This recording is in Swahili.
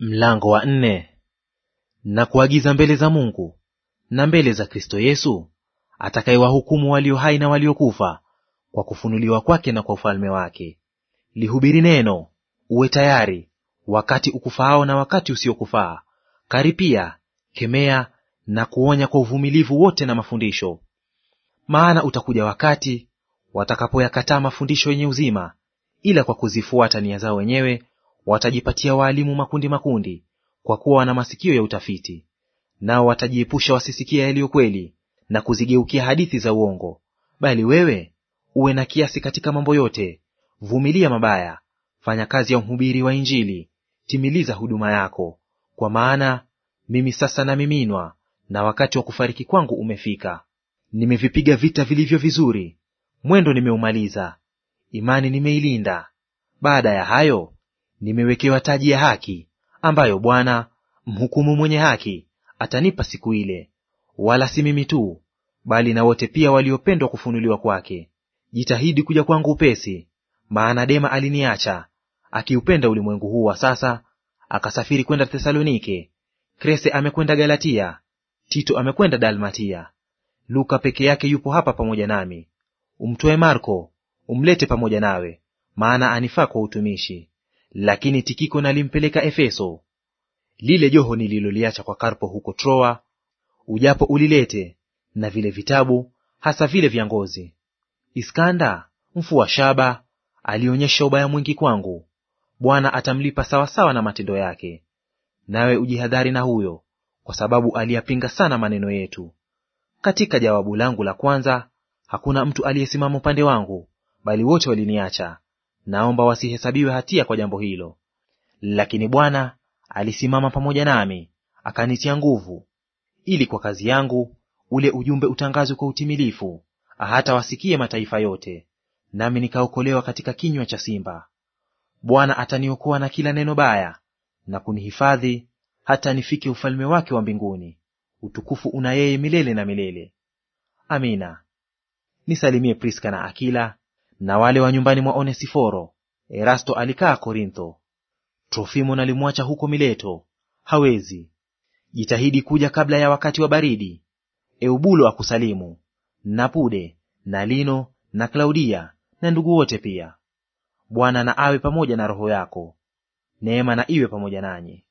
Mlango wa nne. Na kuagiza mbele za Mungu na mbele za Kristo Yesu atakayewahukumu walio hai na waliokufa kwa kufunuliwa kwake na kwa ufalme wake. Lihubiri neno, uwe tayari wakati ukufaao na wakati usiokufaa, karipia, kemea na kuonya kwa uvumilivu wote na mafundisho. Maana utakuja wakati watakapoyakataa mafundisho yenye uzima, ila kwa kuzifuata nia zao wenyewe Watajipatia waalimu makundi makundi, kwa kuwa wana masikio ya utafiti. Nao watajiepusha wasisikia yaliyo kweli na kuzigeukia hadithi za uongo. Bali wewe uwe na kiasi katika mambo yote, vumilia mabaya, fanya kazi ya mhubiri wa Injili, timiliza huduma yako. Kwa maana mimi sasa namiminwa, na wakati wa kufariki kwangu umefika. Nimevipiga vita vilivyo vizuri, mwendo nimeumaliza, imani nimeilinda. Baada ya hayo nimewekewa taji ya haki, ambayo Bwana mhukumu mwenye haki atanipa siku ile, wala si mimi tu, bali na wote pia waliopendwa kufunuliwa kwake. Jitahidi kuja kwangu upesi, maana Dema aliniacha akiupenda ulimwengu huu wa sasa, akasafiri kwenda Thesalonike. Krese amekwenda Galatia, Tito amekwenda Dalmatia. Luka peke yake yupo hapa pamoja nami. Umtoe Marko umlete pamoja nawe, maana anifaa kwa utumishi. Lakini Tikiko nalimpeleka Efeso. Lile joho nililoliacha kwa Karpo huko Troa, ujapo ulilete, na vile vitabu, hasa vile vya ngozi. Iskanda mfua shaba alionyesha ubaya mwingi kwangu; Bwana atamlipa sawasawa na matendo yake. Nawe ujihadhari na huyo, kwa sababu aliyapinga sana maneno yetu. Katika jawabu langu la kwanza hakuna mtu aliyesimama upande wangu, bali wote waliniacha naomba wasihesabiwe hatia kwa jambo hilo. Lakini Bwana alisimama pamoja nami, akanitia nguvu, ili kwa kazi yangu ule ujumbe utangazwe kwa utimilifu, hata wasikie mataifa yote. Nami nikaokolewa katika kinywa cha simba. Bwana ataniokoa na kila neno baya na kunihifadhi hata nifike ufalme wake wa mbinguni. Utukufu una yeye milele na milele. Amina. Nisalimie Priska na Akila na wale wa nyumbani mwa Onesiforo. Erasto alikaa Korintho. Trofimo nalimwacha huko Mileto, hawezi. Jitahidi kuja kabla ya wakati wa baridi. Eubulo akusalimu na Pude na Lino na Klaudia na ndugu wote pia. Bwana na awe pamoja na roho yako. Neema na iwe pamoja nanyi.